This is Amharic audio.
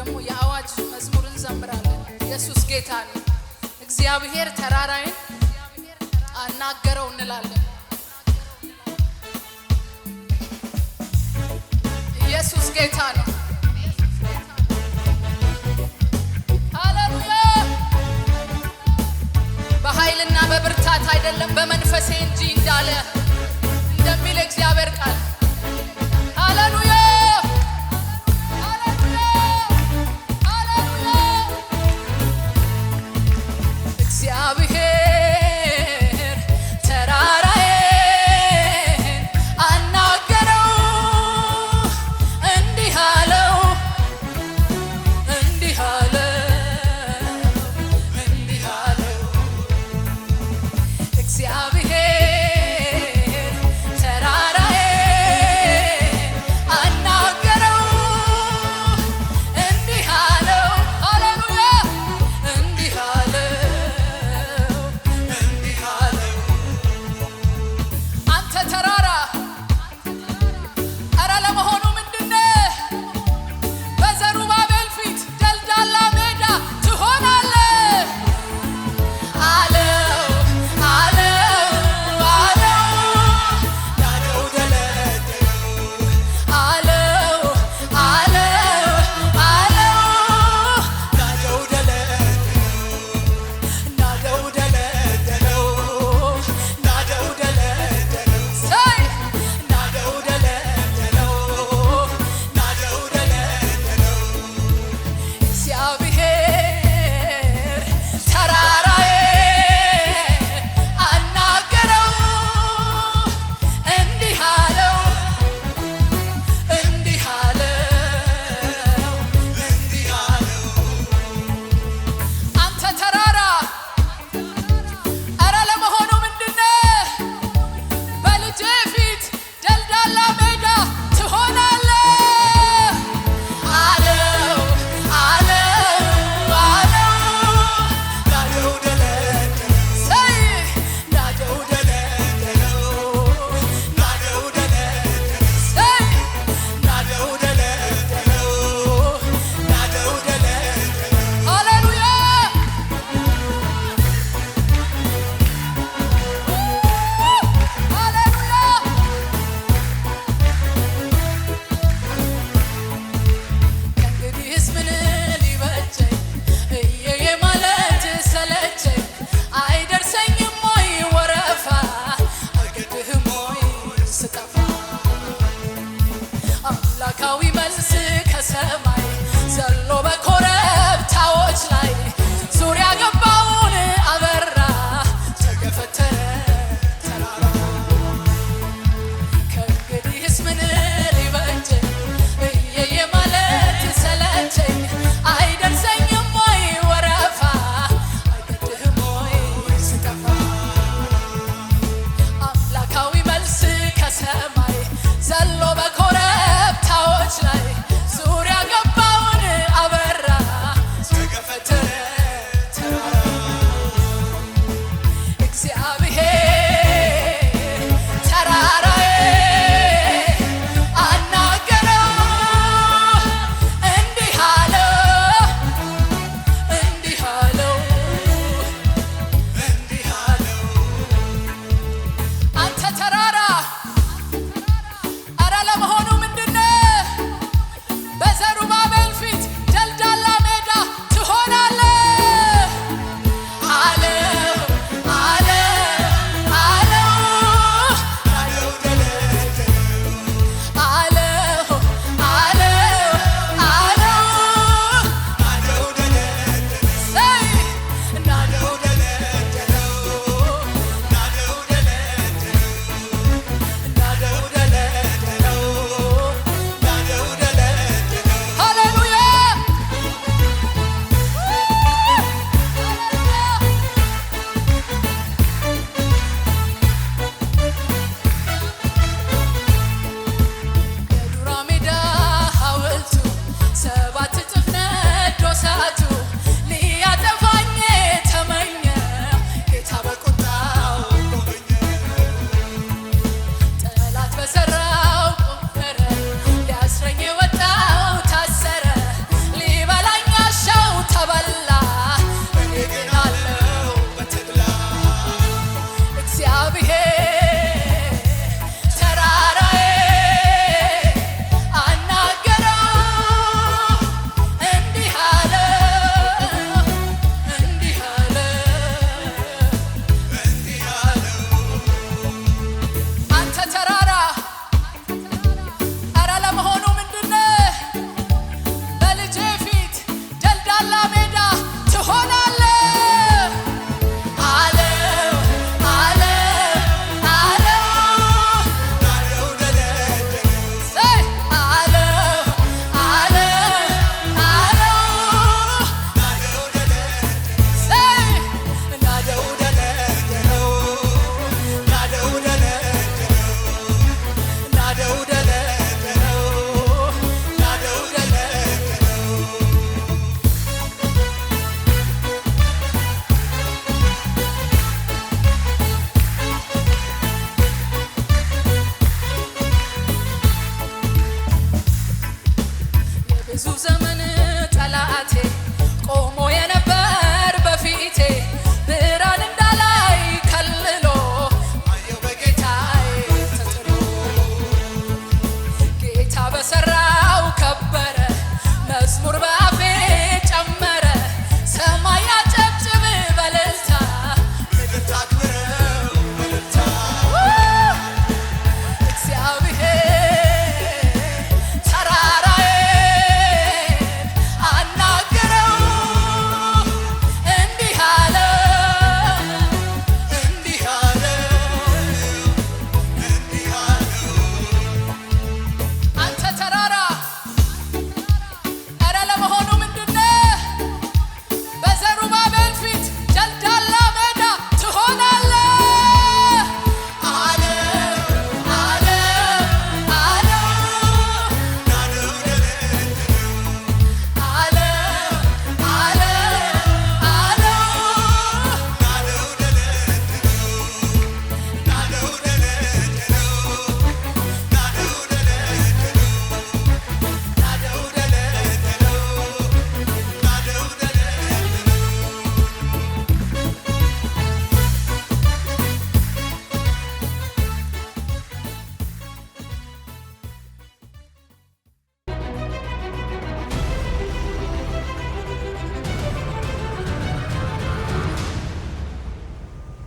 ደግሞ የአዋጅ መዝሙር እንዘምራለን። ኢየሱስ ጌታ ነው። እግዚአብሔር ተራራዬን አናገረው እንላለን። ኢየሱስ ጌታ ነው። በኃይልና በብርታት አይደለም በመንፈሴ እንጂ እንዳለ እንደሚል እግዚአብሔር ቃል